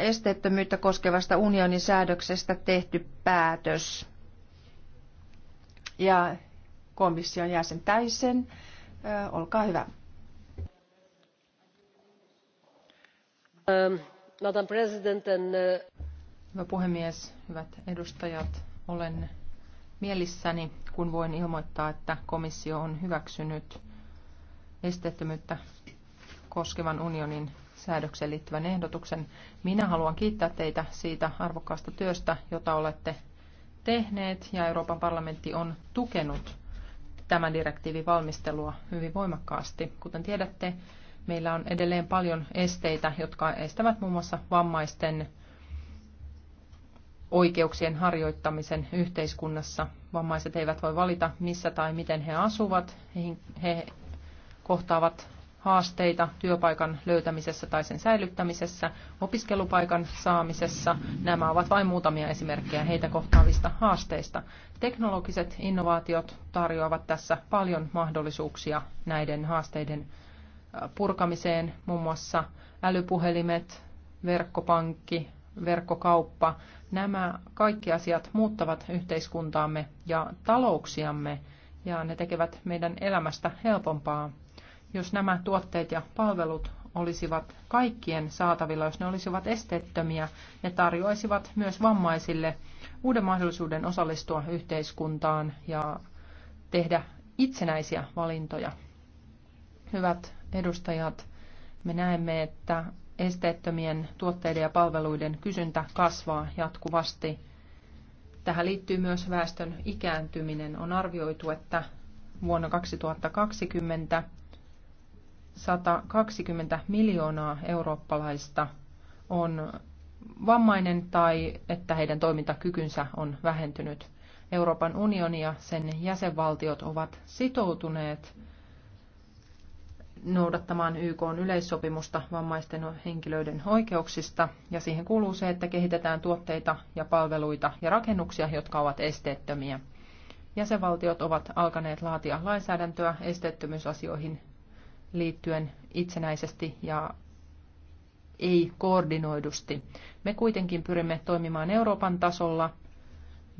esteettömyyttä koskevasta unionin säädöksestä tehty päätös. Ja komission jäsen Täisen, olkaa hyvä. Ähm, Madam President and... Hyvä puhemies, hyvät edustajat, olen mielissäni, kun voin ilmoittaa, että komissio on hyväksynyt esteettömyyttä koskevan unionin säädökseen liittyvän ehdotuksen. Minä haluan kiittää teitä siitä arvokkaasta työstä, jota olette tehneet ja Euroopan parlamentti on tukenut tämän direktiivin valmistelua hyvin voimakkaasti. Kuten tiedätte, meillä on edelleen paljon esteitä, jotka estävät muun muassa vammaisten oikeuksien harjoittamisen yhteiskunnassa. Vammaiset eivät voi valita, missä tai miten he asuvat. He kohtaavat haasteita työpaikan löytämisessä tai sen säilyttämisessä, opiskelupaikan saamisessa. Nämä ovat vain muutamia esimerkkejä heitä kohtaavista haasteista. Teknologiset innovaatiot tarjoavat tässä paljon mahdollisuuksia näiden haasteiden purkamiseen, muun muassa älypuhelimet, verkkopankki, verkkokauppa. Nämä kaikki asiat muuttavat yhteiskuntaamme ja talouksiamme ja ne tekevät meidän elämästä helpompaa jos nämä tuotteet ja palvelut olisivat kaikkien saatavilla, jos ne olisivat esteettömiä, ne tarjoaisivat myös vammaisille uuden mahdollisuuden osallistua yhteiskuntaan ja tehdä itsenäisiä valintoja. Hyvät edustajat, me näemme, että esteettömien tuotteiden ja palveluiden kysyntä kasvaa jatkuvasti. Tähän liittyy myös väestön ikääntyminen. On arvioitu, että vuonna 2020 120 miljoonaa eurooppalaista on vammainen tai että heidän toimintakykynsä on vähentynyt. Euroopan unioni ja sen jäsenvaltiot ovat sitoutuneet noudattamaan YK yleissopimusta vammaisten henkilöiden oikeuksista, ja siihen kuuluu se, että kehitetään tuotteita ja palveluita ja rakennuksia, jotka ovat esteettömiä. Jäsenvaltiot ovat alkaneet laatia lainsäädäntöä esteettömyysasioihin liittyen itsenäisesti ja ei koordinoidusti. Me kuitenkin pyrimme toimimaan Euroopan tasolla,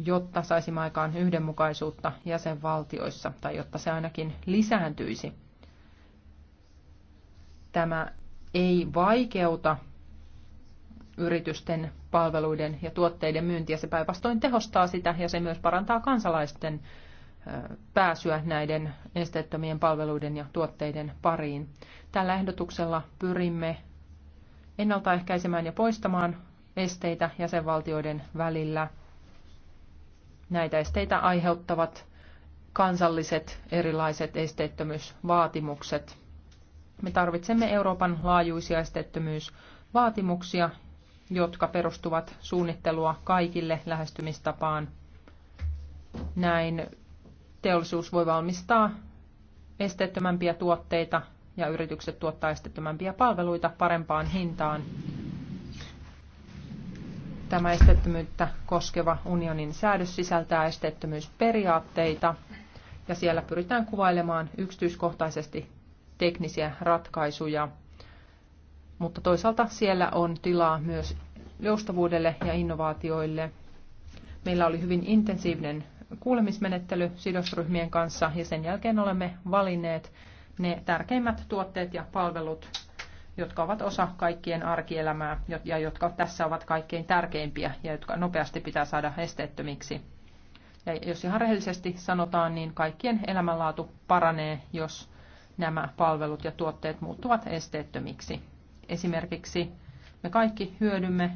jotta saisimme aikaan yhdenmukaisuutta jäsenvaltioissa, tai jotta se ainakin lisääntyisi. Tämä ei vaikeuta yritysten palveluiden ja tuotteiden myyntiä, se päinvastoin tehostaa sitä ja se myös parantaa kansalaisten pääsyä näiden esteettömien palveluiden ja tuotteiden pariin. Tällä ehdotuksella pyrimme ennaltaehkäisemään ja poistamaan esteitä jäsenvaltioiden välillä. Näitä esteitä aiheuttavat kansalliset erilaiset esteettömyysvaatimukset. Me tarvitsemme Euroopan laajuisia esteettömyysvaatimuksia, jotka perustuvat suunnittelua kaikille lähestymistapaan. Näin teollisuus voi valmistaa esteettömämpiä tuotteita ja yritykset tuottaa esteettömämpiä palveluita parempaan hintaan. Tämä esteettömyyttä koskeva unionin säädös sisältää esteettömyysperiaatteita ja siellä pyritään kuvailemaan yksityiskohtaisesti teknisiä ratkaisuja, mutta toisaalta siellä on tilaa myös joustavuudelle ja innovaatioille. Meillä oli hyvin intensiivinen kuulemismenettely sidosryhmien kanssa ja sen jälkeen olemme valinneet ne tärkeimmät tuotteet ja palvelut, jotka ovat osa kaikkien arkielämää ja jotka tässä ovat kaikkein tärkeimpiä ja jotka nopeasti pitää saada esteettömiksi. Ja jos ihan rehellisesti sanotaan, niin kaikkien elämänlaatu paranee, jos nämä palvelut ja tuotteet muuttuvat esteettömiksi. Esimerkiksi me kaikki hyödymme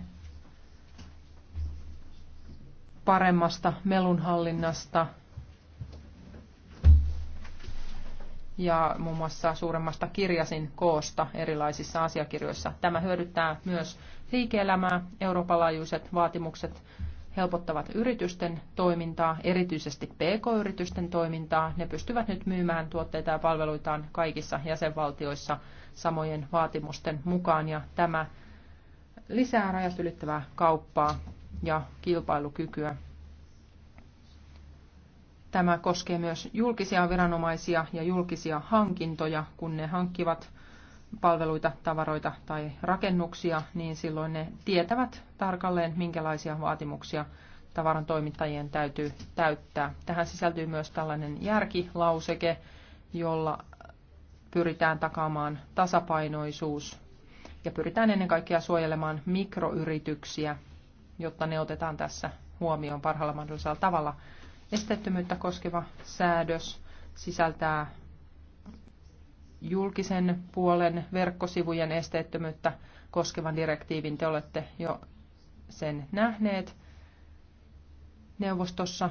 paremmasta melunhallinnasta ja muun mm. muassa suuremmasta kirjasin koosta erilaisissa asiakirjoissa. Tämä hyödyttää myös liike-elämää. Euroopan laajuiset vaatimukset helpottavat yritysten toimintaa, erityisesti pk-yritysten toimintaa. Ne pystyvät nyt myymään tuotteita ja palveluitaan kaikissa jäsenvaltioissa samojen vaatimusten mukaan ja tämä lisää rajat ylittävää kauppaa ja kilpailukykyä. Tämä koskee myös julkisia viranomaisia ja julkisia hankintoja, kun ne hankkivat palveluita, tavaroita tai rakennuksia, niin silloin ne tietävät tarkalleen, minkälaisia vaatimuksia tavaran toimittajien täytyy täyttää. Tähän sisältyy myös tällainen järkilauseke, jolla pyritään takaamaan tasapainoisuus ja pyritään ennen kaikkea suojelemaan mikroyrityksiä jotta ne otetaan tässä huomioon parhaalla mahdollisella tavalla. Esteettömyyttä koskeva säädös sisältää julkisen puolen verkkosivujen esteettömyyttä koskevan direktiivin. Te olette jo sen nähneet neuvostossa.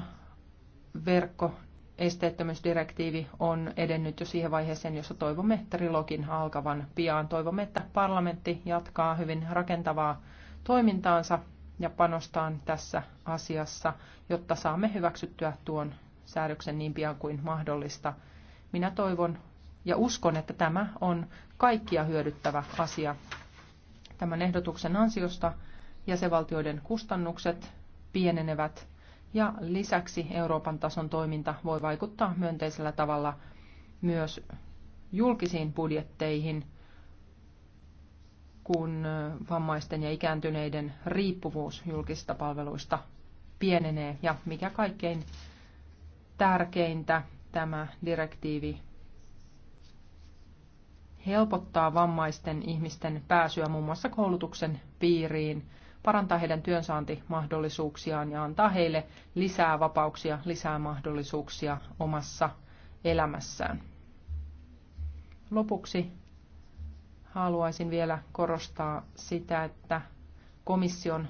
Verkko esteettömyysdirektiivi on edennyt jo siihen vaiheeseen, jossa toivomme trilogin alkavan pian. Toivomme, että parlamentti jatkaa hyvin rakentavaa toimintaansa ja panostaan tässä asiassa, jotta saamme hyväksyttyä tuon säädöksen niin pian kuin mahdollista. Minä toivon ja uskon, että tämä on kaikkia hyödyttävä asia. Tämän ehdotuksen ansiosta jäsenvaltioiden kustannukset pienenevät ja lisäksi Euroopan tason toiminta voi vaikuttaa myönteisellä tavalla myös julkisiin budjetteihin – kun vammaisten ja ikääntyneiden riippuvuus julkista palveluista pienenee. Ja mikä kaikkein tärkeintä, tämä direktiivi helpottaa vammaisten ihmisten pääsyä muun muassa koulutuksen piiriin, parantaa heidän työnsaantimahdollisuuksiaan ja antaa heille lisää vapauksia, lisää mahdollisuuksia omassa elämässään. Lopuksi haluaisin vielä korostaa sitä, että komission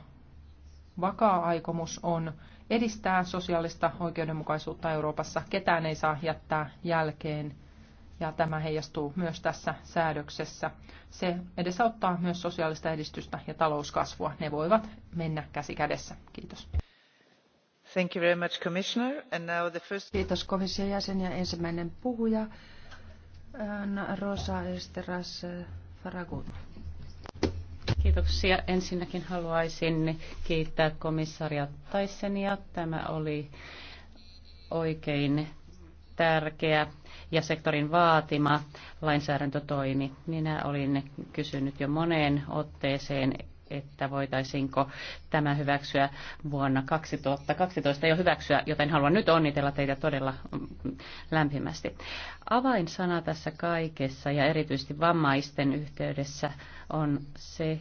vakaa aikomus on edistää sosiaalista oikeudenmukaisuutta Euroopassa. Ketään ei saa jättää jälkeen ja tämä heijastuu myös tässä säädöksessä. Se edesauttaa myös sosiaalista edistystä ja talouskasvua. Ne voivat mennä käsi kädessä. Kiitos. Thank you very much, Commissioner. And now the first... Kiitos komission jäsen ja ensimmäinen puhuja. Rosa Esteras Ferragut. Kiitoksia. Ensinnäkin haluaisin kiittää komissaria Taissenia. Tämä oli oikein tärkeä ja sektorin vaatima lainsäädäntötoimi. Minä olin kysynyt jo moneen otteeseen että voitaisiinko tämä hyväksyä vuonna 2012 jo hyväksyä, joten haluan nyt onnitella teitä todella mm, lämpimästi. Avainsana tässä kaikessa ja erityisesti vammaisten yhteydessä on se,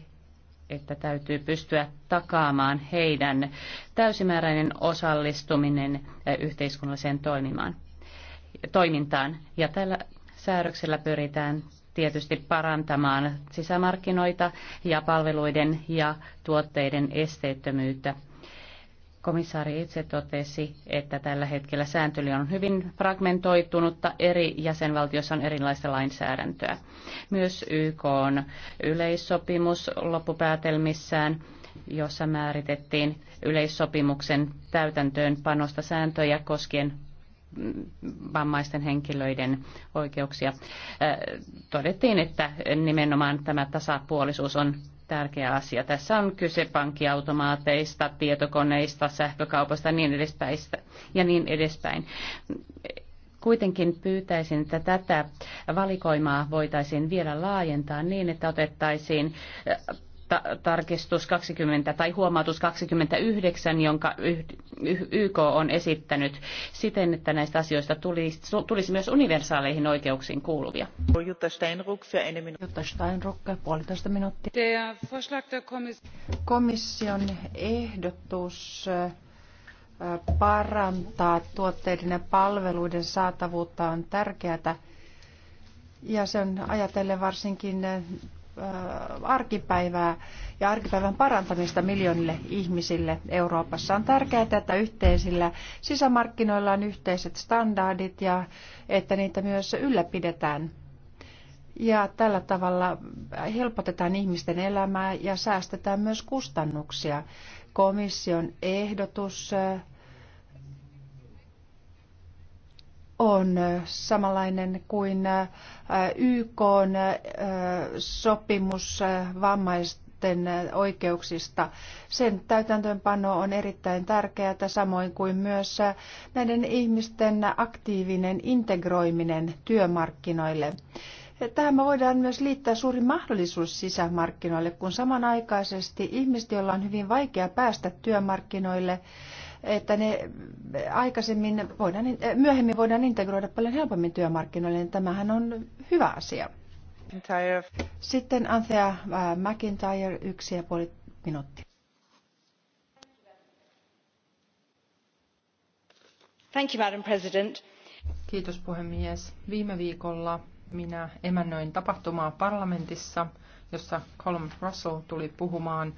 että täytyy pystyä takaamaan heidän täysimääräinen osallistuminen yhteiskunnalliseen toimintaan. Ja tällä säädöksellä pyritään tietysti parantamaan sisämarkkinoita ja palveluiden ja tuotteiden esteettömyyttä. Komissaari itse totesi, että tällä hetkellä sääntely on hyvin fragmentoitunutta, eri jäsenvaltioissa on erilaista lainsäädäntöä. Myös YK on yleissopimus loppupäätelmissään jossa määritettiin yleissopimuksen täytäntöönpanosta sääntöjä koskien vammaisten henkilöiden oikeuksia. Todettiin, että nimenomaan tämä tasapuolisuus on tärkeä asia. Tässä on kyse pankkiautomaateista, tietokoneista, sähkökaupasta niin edespäin, ja niin edespäin. Kuitenkin pyytäisin, että tätä valikoimaa voitaisiin vielä laajentaa niin, että otettaisiin ta- tarkistus 20 tai huomautus 29, jonka YK on esittänyt siten, että näistä asioista tulisi, tulisi myös universaaleihin oikeuksiin kuuluvia. Jutta Steinruck, für eine Jutta Steinruck puolitoista minuuttia. Der der Kommission. Komission ehdotus parantaa tuotteiden ja palveluiden saatavuutta on tärkeää ja sen on ajatellen varsinkin Äh, arkipäivää ja arkipäivän parantamista miljoonille ihmisille Euroopassa. On tärkeää, että yhteisillä sisämarkkinoilla on yhteiset standardit ja että niitä myös ylläpidetään. Ja tällä tavalla helpotetaan ihmisten elämää ja säästetään myös kustannuksia. Komission ehdotus äh, on samanlainen kuin YK sopimus vammaisten oikeuksista. Sen täytäntöönpano on erittäin tärkeää, samoin kuin myös näiden ihmisten aktiivinen integroiminen työmarkkinoille. Tähän me voidaan myös liittää suuri mahdollisuus sisämarkkinoille, kun samanaikaisesti ihmiset, joilla on hyvin vaikea päästä työmarkkinoille, että ne aikaisemmin voidaan, eh, myöhemmin voidaan integroida paljon helpommin työmarkkinoille, niin tämähän on hyvä asia. Sitten Anthea äh, McIntyre, yksi ja puoli minuuttia. Thank you, Madam President. Kiitos puhemies. Viime viikolla minä emännöin tapahtumaa parlamentissa, jossa Colin Russell tuli puhumaan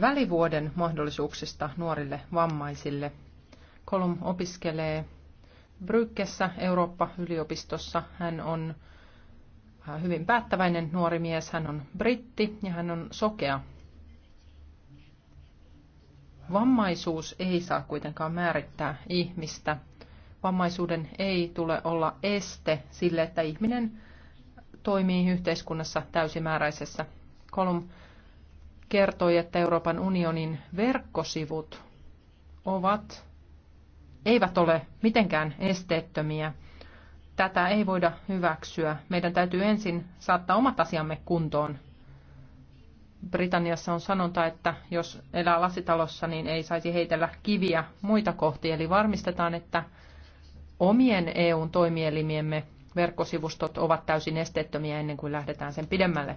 välivuoden mahdollisuuksista nuorille vammaisille. Kolum opiskelee Brykkessä Eurooppa-yliopistossa. Hän on äh, hyvin päättäväinen nuori mies. Hän on britti ja hän on sokea. Vammaisuus ei saa kuitenkaan määrittää ihmistä. Vammaisuuden ei tule olla este sille, että ihminen toimii yhteiskunnassa täysimääräisessä. Kolum kertoi, että Euroopan unionin verkkosivut ovat, eivät ole mitenkään esteettömiä. Tätä ei voida hyväksyä. Meidän täytyy ensin saattaa omat asiamme kuntoon. Britanniassa on sanonta, että jos elää lasitalossa, niin ei saisi heitellä kiviä muita kohti. Eli varmistetaan, että omien EUn toimielimiemme verkkosivustot ovat täysin esteettömiä ennen kuin lähdetään sen pidemmälle.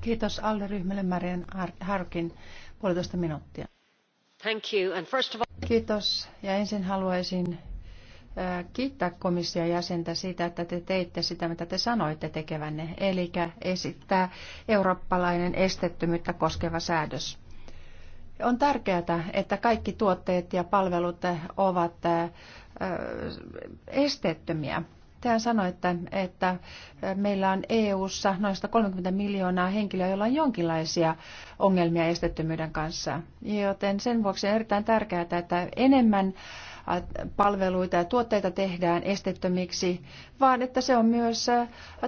Kiitos ryhmälle Marian Harkin puolitoista minuuttia. Thank you. And first of all... Kiitos ja ensin haluaisin äh, kiittää komission jäsentä siitä, että te teitte sitä, mitä te sanoitte tekevänne, eli esittää eurooppalainen estettömyyttä koskeva säädös. On tärkeää, että kaikki tuotteet ja palvelut ovat äh, äh, esteettömiä. Tehän sanoitte, että meillä on EU-ssa noin 130 miljoonaa henkilöä, joilla on jonkinlaisia ongelmia estettömyyden kanssa. Joten sen vuoksi on erittäin tärkeää, että enemmän palveluita ja tuotteita tehdään estettömiksi, vaan että se on myös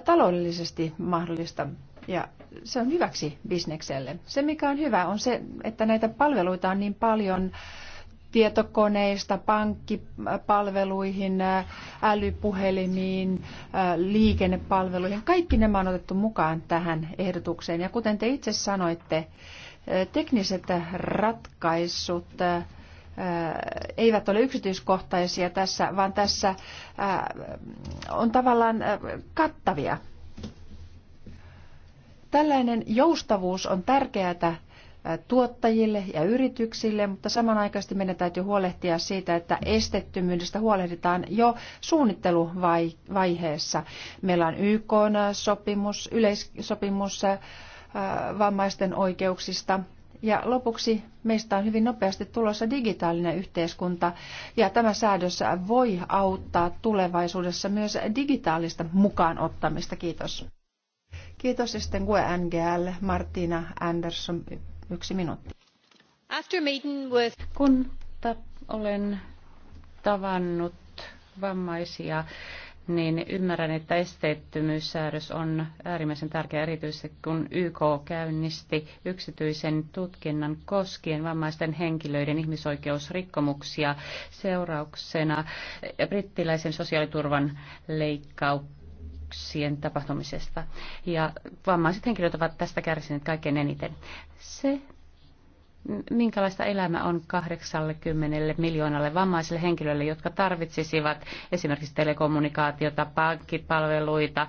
taloudellisesti mahdollista. Ja se on hyväksi bisnekselle. Se, mikä on hyvä, on se, että näitä palveluita on niin paljon tietokoneista pankkipalveluihin, älypuhelimiin, liikennepalveluihin. Kaikki nämä on otettu mukaan tähän ehdotukseen. Ja kuten te itse sanoitte, tekniset ratkaisut eivät ole yksityiskohtaisia tässä, vaan tässä on tavallaan kattavia. Tällainen joustavuus on tärkeää tuottajille ja yrityksille, mutta samanaikaisesti meidän täytyy huolehtia siitä, että estettömyydestä huolehditaan jo suunnitteluvaiheessa. Meillä on YK-sopimus, yleissopimus vammaisten oikeuksista. Ja lopuksi meistä on hyvin nopeasti tulossa digitaalinen yhteiskunta ja tämä säädös voi auttaa tulevaisuudessa myös digitaalista mukaanottamista. Kiitos. Kiitos ja sitten GNGL Martina Andersson Yksi minuutti. Kun ta- olen tavannut vammaisia, niin ymmärrän, että esteettömyyssäädös on äärimmäisen tärkeä erityisesti, kun YK käynnisti yksityisen tutkinnan koskien vammaisten henkilöiden ihmisoikeusrikkomuksia seurauksena brittiläisen sosiaaliturvan leikkauksen menetyksien tapahtumisesta. Ja vammaiset henkilöt ovat tästä kärsineet kaikkein eniten. Se minkälaista elämä on 80 miljoonalle vammaiselle henkilölle, jotka tarvitsisivat esimerkiksi telekommunikaatiota, pankkipalveluita,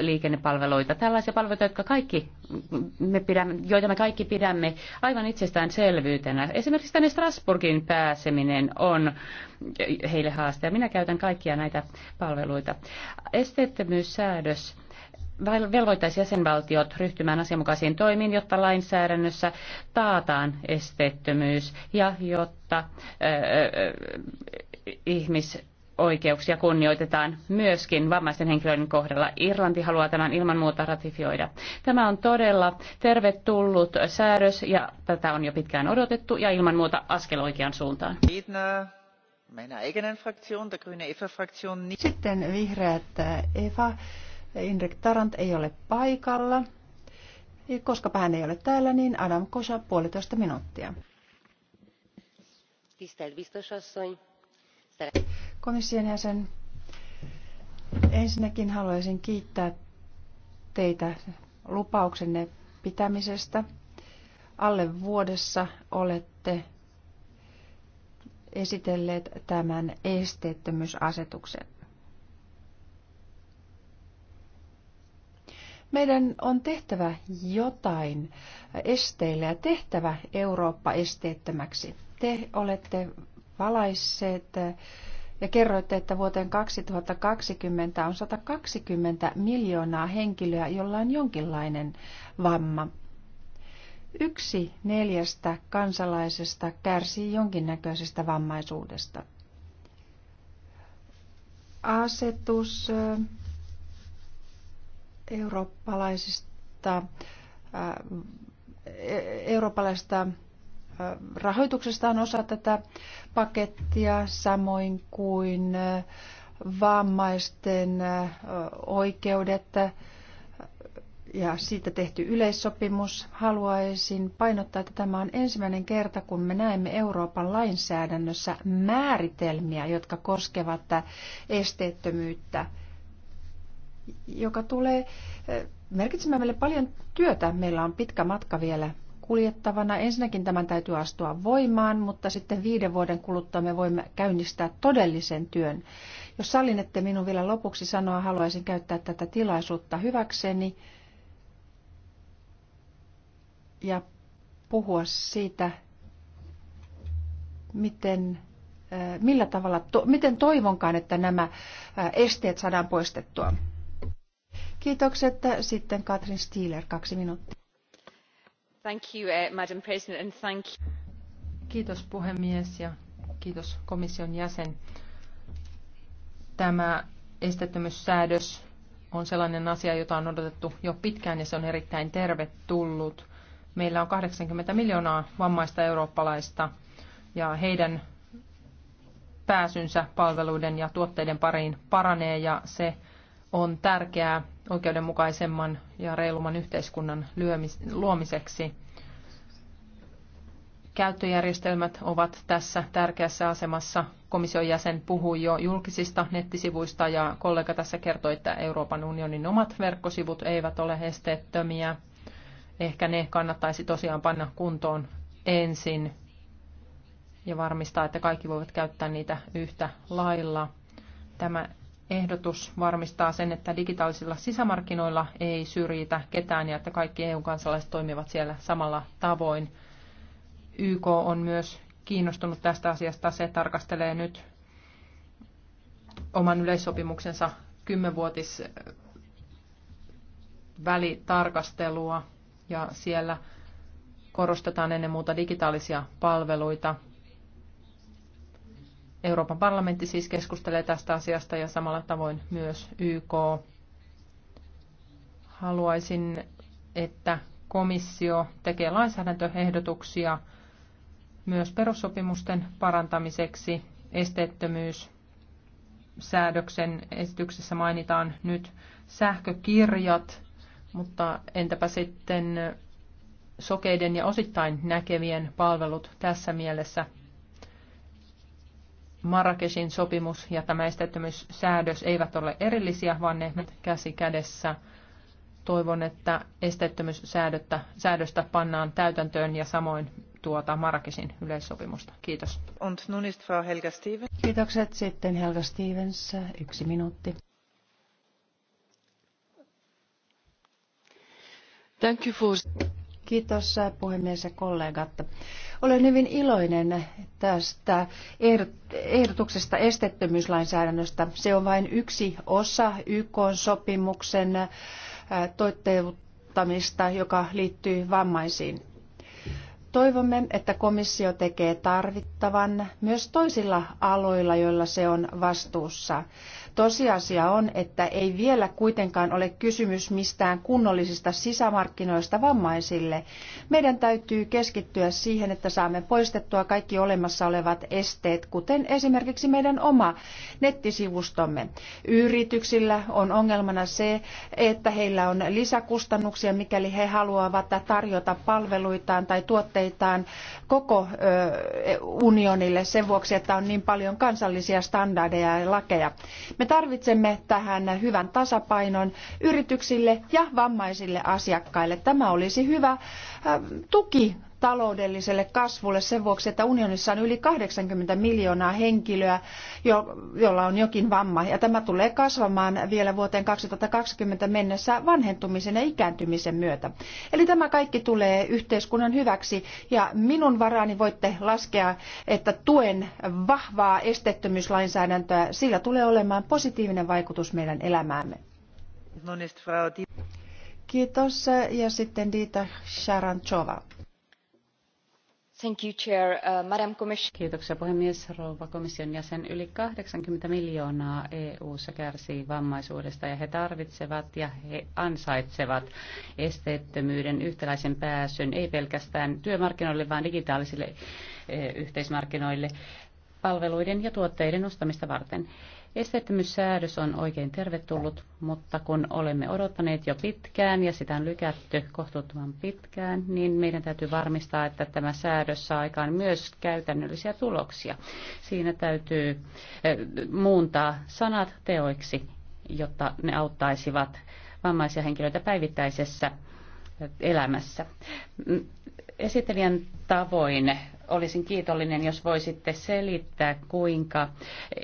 liikennepalveluita, tällaisia palveluita, jotka kaikki me pidämme, joita me kaikki pidämme aivan itsestäänselvyytenä. Esimerkiksi tänne Strasburgin pääseminen on heille haaste, ja minä käytän kaikkia näitä palveluita. Esteettömyyssäädös velvoittaisi jäsenvaltiot ryhtymään asianmukaisiin toimiin, jotta lainsäädännössä taataan esteettömyys ja jotta ihmisoikeuksia kunnioitetaan myöskin vammaisten henkilöiden kohdalla. Irlanti haluaa tämän ilman muuta ratifioida. Tämä on todella tervetullut säädös ja tätä on jo pitkään odotettu ja ilman muuta askel oikeaan suuntaan. Sitten vihreät Eva Indrek Tarant ei ole paikalla. Koska hän ei ole täällä, niin Adam Kosa puolitoista minuuttia. Komission jäsen, ensinnäkin haluaisin kiittää teitä lupauksenne pitämisestä. Alle vuodessa olette esitelleet tämän esteettömyysasetuksen. Meidän on tehtävä jotain esteille ja tehtävä Eurooppa esteettömäksi. Te olette valaisseet ja kerroitte, että vuoteen 2020 on 120 miljoonaa henkilöä, jolla on jonkinlainen vamma. Yksi neljästä kansalaisesta kärsii jonkinnäköisestä vammaisuudesta. Asetus E-, eurooppalaisesta, eurooppalaisesta rahoituksesta on osa tätä pakettia, samoin kuin vammaisten oikeudet ja siitä tehty yleissopimus. Haluaisin painottaa, että tämä on ensimmäinen kerta, kun me näemme Euroopan lainsäädännössä määritelmiä, jotka koskevat esteettömyyttä joka tulee eh, merkitsemään meille paljon työtä. Meillä on pitkä matka vielä kuljettavana. Ensinnäkin tämän täytyy astua voimaan, mutta sitten viiden vuoden kuluttua me voimme käynnistää todellisen työn. Jos sallinette minun vielä lopuksi sanoa, haluaisin käyttää tätä tilaisuutta hyväkseni ja puhua siitä, miten, eh, millä tavalla, miten toivonkaan, että nämä eh, esteet saadaan poistettua. Kiitokset. Sitten Katrin Stieler, kaksi minuuttia. Thank you, eh, Madam President, and thank you. Kiitos puhemies ja kiitos komission jäsen. Tämä estettömyyssäädös on sellainen asia, jota on odotettu jo pitkään ja se on erittäin tervetullut. Meillä on 80 miljoonaa vammaista eurooppalaista ja heidän pääsynsä palveluiden ja tuotteiden pariin paranee ja se on tärkeää oikeudenmukaisemman ja reilumman yhteiskunnan luomiseksi. Käyttöjärjestelmät ovat tässä tärkeässä asemassa. Komission jäsen puhui jo julkisista nettisivuista ja kollega tässä kertoi, että Euroopan unionin omat verkkosivut eivät ole esteettömiä. Ehkä ne kannattaisi tosiaan panna kuntoon ensin ja varmistaa, että kaikki voivat käyttää niitä yhtä lailla. Tämä ehdotus varmistaa sen, että digitaalisilla sisämarkkinoilla ei syrjitä ketään ja että kaikki EU-kansalaiset toimivat siellä samalla tavoin. YK on myös kiinnostunut tästä asiasta. Se tarkastelee nyt oman yleissopimuksensa kymmenvuotis välitarkastelua ja siellä korostetaan ennen muuta digitaalisia palveluita – Euroopan parlamentti siis keskustelee tästä asiasta ja samalla tavoin myös YK. Haluaisin, että komissio tekee lainsäädäntöehdotuksia myös perussopimusten parantamiseksi. Esteettömyys säädöksen esityksessä mainitaan nyt sähkökirjat, mutta entäpä sitten sokeiden ja osittain näkevien palvelut tässä mielessä Marrakeshin sopimus ja tämä esteettömyyssäädös eivät ole erillisiä, vaan ne käsi kädessä. Toivon, että esteettömyyssäädöstä pannaan täytäntöön ja samoin tuota Marrakeshin yleissopimusta. Kiitos. Und nun ist Frau Helga Stevens. Kiitokset. Sitten Helga Stevens, yksi minuutti. Thank you for... Kiitos puhemies ja kollegat. Olen hyvin iloinen tästä ehdotuksesta estettömyyslainsäädännöstä. Se on vain yksi osa YK-sopimuksen toteuttamista, joka liittyy vammaisiin. Toivomme, että komissio tekee tarvittavan myös toisilla aloilla, joilla se on vastuussa. Tosiasia on, että ei vielä kuitenkaan ole kysymys mistään kunnollisista sisämarkkinoista vammaisille. Meidän täytyy keskittyä siihen, että saamme poistettua kaikki olemassa olevat esteet, kuten esimerkiksi meidän oma nettisivustomme. Yrityksillä on ongelmana se, että heillä on lisäkustannuksia, mikäli he haluavat tarjota palveluitaan tai tuotteitaan koko unionille sen vuoksi, että on niin paljon kansallisia standardeja ja lakeja. Me tarvitsemme tähän hyvän tasapainon yrityksille ja vammaisille asiakkaille. Tämä olisi hyvä äh, tuki taloudelliselle kasvulle sen vuoksi, että unionissa on yli 80 miljoonaa henkilöä, jolla on jokin vamma. Ja tämä tulee kasvamaan vielä vuoteen 2020 mennessä vanhentumisen ja ikääntymisen myötä. Eli tämä kaikki tulee yhteiskunnan hyväksi ja minun varaani voitte laskea, että tuen vahvaa esteettömyyslainsäädäntöä. Sillä tulee olemaan positiivinen vaikutus meidän elämäämme. Kiitos. Ja sitten Dita Sharanchova arvoisa uh, Kiitoksia puhemies. Rouva komission jäsen yli 80 miljoonaa EU-ssa kärsii vammaisuudesta ja he tarvitsevat ja he ansaitsevat esteettömyyden yhtäläisen pääsyn ei pelkästään työmarkkinoille vaan digitaalisille eh, yhteismarkkinoille palveluiden ja tuotteiden ostamista varten. Esteettömyyssäädös on oikein tervetullut, mutta kun olemme odottaneet jo pitkään ja sitä on lykätty kohtuuttoman pitkään, niin meidän täytyy varmistaa, että tämä säädös saa aikaan myös käytännöllisiä tuloksia. Siinä täytyy eh, muuntaa sanat teoiksi, jotta ne auttaisivat vammaisia henkilöitä päivittäisessä eh, elämässä. Mm, esittelijän tavoin Olisin kiitollinen, jos voisitte selittää, kuinka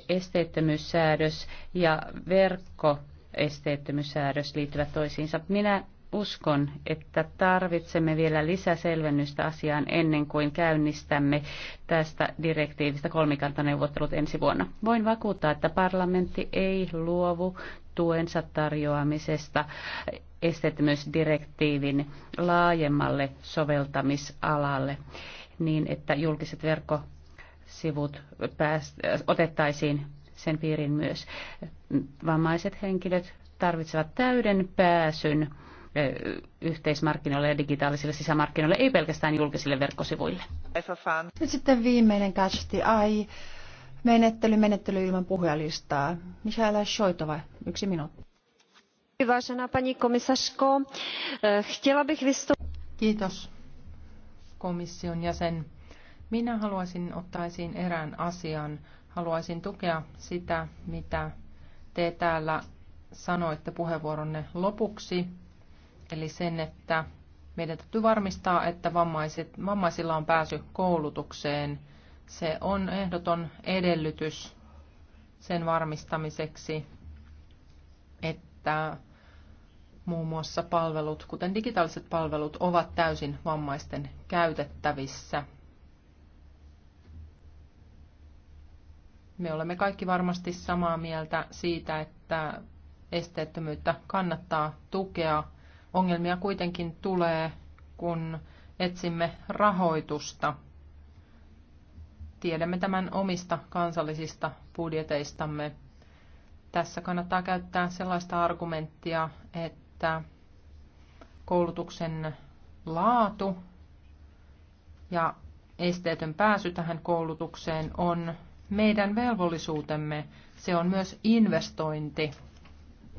esteettömyyssäädös ja verkkoesteettömyyssäädös liittyvät toisiinsa. Minä uskon, että tarvitsemme vielä lisäselvennystä asiaan ennen kuin käynnistämme tästä direktiivistä kolmikantaneuvottelut ensi vuonna. Voin vakuuttaa, että parlamentti ei luovu tuensa tarjoamisesta esteettömyysdirektiivin laajemmalle soveltamisalalle niin, että julkiset verkkosivut pääst, otettaisiin sen piirin myös. Vammaiset henkilöt tarvitsevat täyden pääsyn yhteismarkkinoille ja digitaalisille sisämarkkinoille, ei pelkästään julkisille verkkosivuille. Nyt sitten viimeinen kästi ai. Menettely, menettely ilman puhujalistaa. Michaela Shoitova, yksi minuutti. Vážená pani komisařko, Kiitos komission jäsen. Minä haluaisin ottaa esiin erään asian. Haluaisin tukea sitä, mitä te täällä sanoitte puheenvuoronne lopuksi, eli sen, että meidän täytyy varmistaa, että vammaiset, vammaisilla on pääsy koulutukseen. Se on ehdoton edellytys sen varmistamiseksi, että muun muassa palvelut, kuten digitaaliset palvelut, ovat täysin vammaisten käytettävissä. Me olemme kaikki varmasti samaa mieltä siitä, että esteettömyyttä kannattaa tukea. Ongelmia kuitenkin tulee, kun etsimme rahoitusta. Tiedämme tämän omista kansallisista budjeteistamme. Tässä kannattaa käyttää sellaista argumenttia, että että koulutuksen laatu ja esteetön pääsy tähän koulutukseen on meidän velvollisuutemme. Se on myös investointi.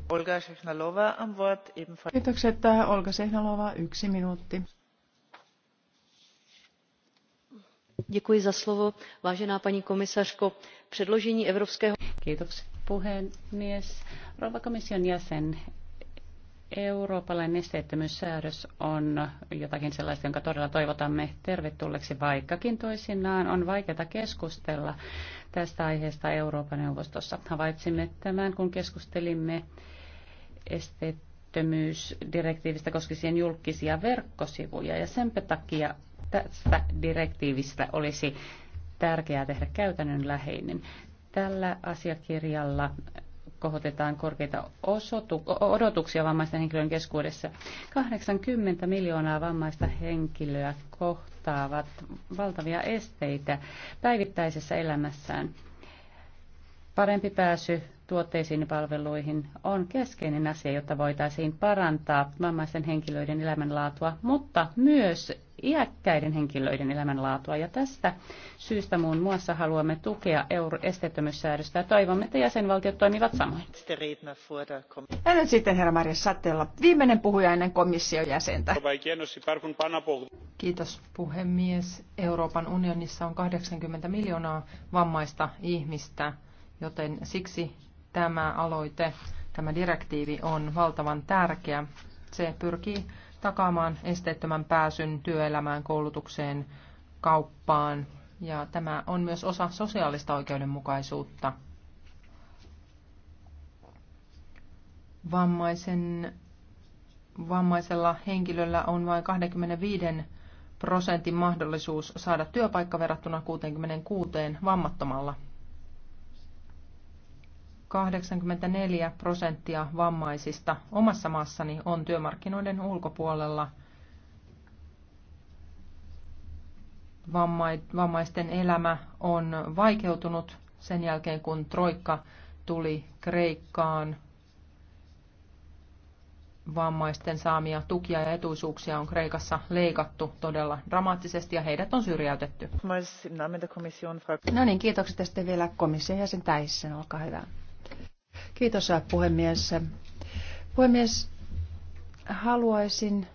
Olga Sehnalova on vuot Kiitokset. Äh, Olga Sehnalova, yksi minuutti. Děkuji za slovo, vážená paní komisařko. Předložení evropského... Kiitoksia puhemies. rova komission jäsen, Eurooppalainen nesteettömyyssäädös on jotakin sellaista, jonka todella toivotamme tervetulleeksi, vaikkakin toisinaan on vaikeaa keskustella tästä aiheesta Euroopan neuvostossa. Havaitsimme tämän, kun keskustelimme esteettömyysdirektiivistä koskisien julkisia verkkosivuja, ja sen takia tästä direktiivistä olisi tärkeää tehdä käytännönläheinen. Tällä asiakirjalla kohotetaan korkeita osoitu- odotuksia vammaisten henkilöiden keskuudessa. 80 miljoonaa vammaista henkilöä kohtaavat valtavia esteitä päivittäisessä elämässään. Parempi pääsy tuotteisiin ja palveluihin on keskeinen asia, jotta voitaisiin parantaa vammaisten henkilöiden elämänlaatua, mutta myös iäkkäiden henkilöiden elämänlaatua. Ja tästä syystä muun muassa haluamme tukea euroestettömyyssäädöstä ja toivomme, että jäsenvaltiot toimivat samoin. Ja nyt sitten herra Marja Sattella, viimeinen puhuja ennen komission jäsentä. Kiitos puhemies. Euroopan unionissa on 80 miljoonaa vammaista ihmistä joten siksi Tämä aloite, tämä direktiivi on valtavan tärkeä. Se pyrkii takaamaan esteettömän pääsyn työelämään, koulutukseen, kauppaan ja tämä on myös osa sosiaalista oikeudenmukaisuutta. Vammaisen, vammaisella henkilöllä on vain 25 prosentin mahdollisuus saada työpaikka verrattuna 66 vammattomalla 84 prosenttia vammaisista omassa maassani on työmarkkinoiden ulkopuolella. Vammaisten elämä on vaikeutunut sen jälkeen, kun Troikka tuli Kreikkaan. Vammaisten saamia tukia ja etuisuuksia on Kreikassa leikattu todella dramaattisesti ja heidät on syrjäytetty. No niin, kiitokset tästä vielä komission jäsen Täissen. Olkaa hyvä. Kiitos puhemies. Puhemies, haluaisin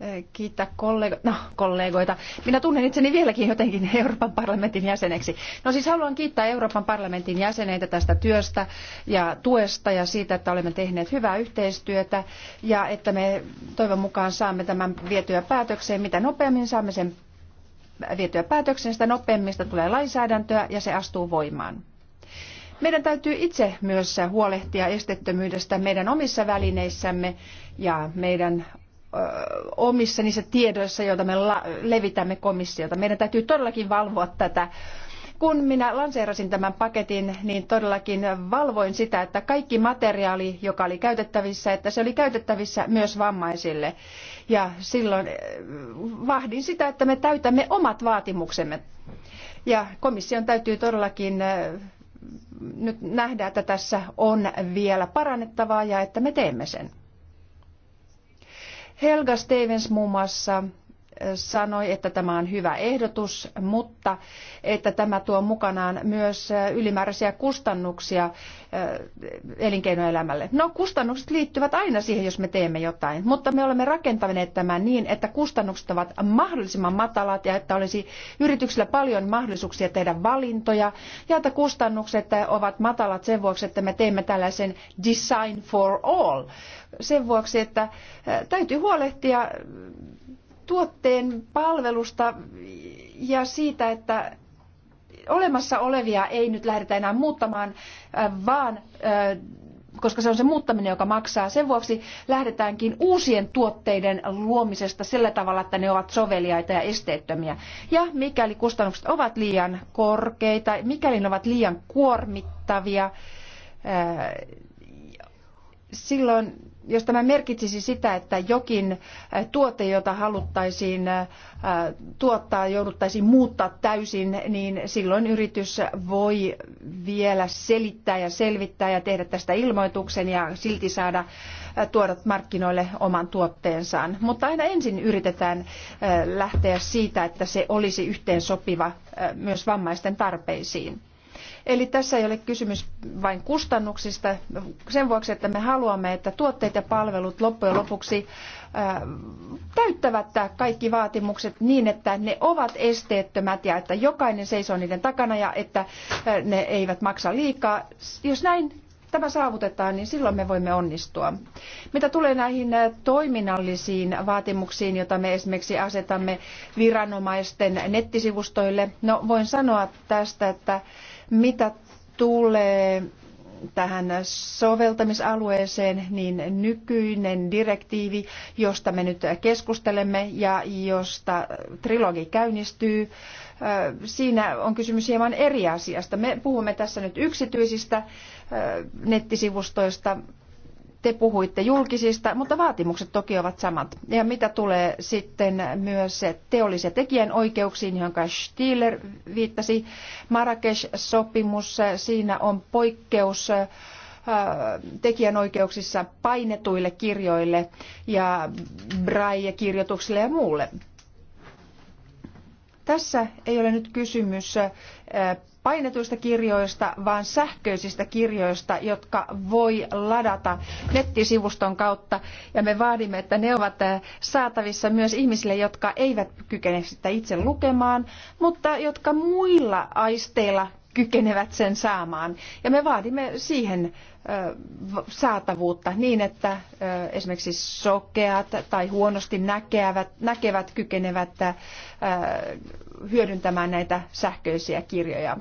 eh, kiittää kollego- no, kollegoita. Minä tunnen itseni vieläkin jotenkin Euroopan parlamentin jäseneksi. No siis haluan kiittää Euroopan parlamentin jäseneitä tästä työstä ja tuesta ja siitä, että olemme tehneet hyvää yhteistyötä ja että me toivon mukaan saamme tämän vietyä päätökseen. Mitä nopeammin saamme sen vietyä päätökseen, sitä nopeammin sitä tulee lainsäädäntöä ja se astuu voimaan. Meidän täytyy itse myös huolehtia estettömyydestä meidän omissa välineissämme ja meidän omissa niissä tiedoissa, joita me levitämme komissiota. Meidän täytyy todellakin valvoa tätä. Kun minä lanseerasin tämän paketin, niin todellakin valvoin sitä, että kaikki materiaali, joka oli käytettävissä, että se oli käytettävissä myös vammaisille. Ja silloin vahdin sitä, että me täytämme omat vaatimuksemme. Ja komission täytyy todellakin nyt nähdään, että tässä on vielä parannettavaa ja että me teemme sen. Helga Stevens muun muassa sanoi, että tämä on hyvä ehdotus, mutta että tämä tuo mukanaan myös ylimääräisiä kustannuksia elinkeinoelämälle. No kustannukset liittyvät aina siihen, jos me teemme jotain, mutta me olemme rakentaneet tämän niin, että kustannukset ovat mahdollisimman matalat ja että olisi yrityksillä paljon mahdollisuuksia tehdä valintoja ja että kustannukset ovat matalat sen vuoksi, että me teemme tällaisen design for all sen vuoksi, että täytyy huolehtia tuotteen palvelusta ja siitä, että olemassa olevia ei nyt lähdetä enää muuttamaan, äh, vaan äh, koska se on se muuttaminen, joka maksaa. Sen vuoksi lähdetäänkin uusien tuotteiden luomisesta sillä tavalla, että ne ovat soveliaita ja esteettömiä. Ja mikäli kustannukset ovat liian korkeita, mikäli ne ovat liian kuormittavia, äh, silloin jos tämä merkitsisi sitä, että jokin äh, tuote, jota haluttaisiin äh, tuottaa, jouduttaisiin muuttaa täysin, niin silloin yritys voi vielä selittää ja selvittää ja tehdä tästä ilmoituksen ja silti saada äh, tuoda markkinoille oman tuotteensa. Mutta aina ensin yritetään lähteä siitä, että se olisi yhteensopiva myös vammaisten tarpeisiin. Eli tässä ei ole kysymys vain kustannuksista sen vuoksi, että me haluamme, että tuotteet ja palvelut loppujen lopuksi täyttävät kaikki vaatimukset niin, että ne ovat esteettömät ja että jokainen seisoo niiden takana ja että ne eivät maksa liikaa. Jos näin tämä saavutetaan, niin silloin me voimme onnistua. Mitä tulee näihin toiminnallisiin vaatimuksiin, joita me esimerkiksi asetamme viranomaisten nettisivustoille, no voin sanoa tästä, että mitä tulee tähän soveltamisalueeseen, niin nykyinen direktiivi, josta me nyt keskustelemme ja josta trilogi käynnistyy, siinä on kysymys hieman eri asiasta. Me puhumme tässä nyt yksityisistä nettisivustoista, te puhuitte julkisista, mutta vaatimukset toki ovat samat. Ja mitä tulee sitten myös ja tekijänoikeuksiin, johon Stieler viittasi, Marrakesh-sopimus, siinä on poikkeus äh, tekijänoikeuksissa painetuille kirjoille ja braille-kirjoituksille ja muulle. Tässä ei ole nyt kysymys äh, painetuista kirjoista, vaan sähköisistä kirjoista, jotka voi ladata nettisivuston kautta. Ja me vaadimme, että ne ovat äh, saatavissa myös ihmisille, jotka eivät kykene sitä itse lukemaan, mutta jotka muilla aisteilla kykenevät sen saamaan. Ja me vaadimme siihen saatavuutta niin, että esimerkiksi sokeat tai huonosti näkevät, näkevät kykenevät hyödyntämään näitä sähköisiä kirjoja.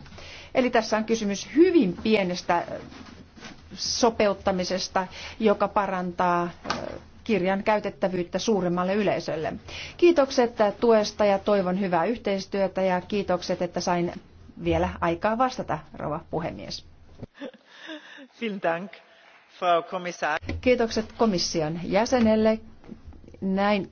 Eli tässä on kysymys hyvin pienestä sopeuttamisesta, joka parantaa kirjan käytettävyyttä suuremmalle yleisölle. Kiitokset tuesta ja toivon hyvää yhteistyötä ja kiitokset, että sain vielä aikaa vastata, rouva puhemies. Kiitokset komission jäsenelle. Näin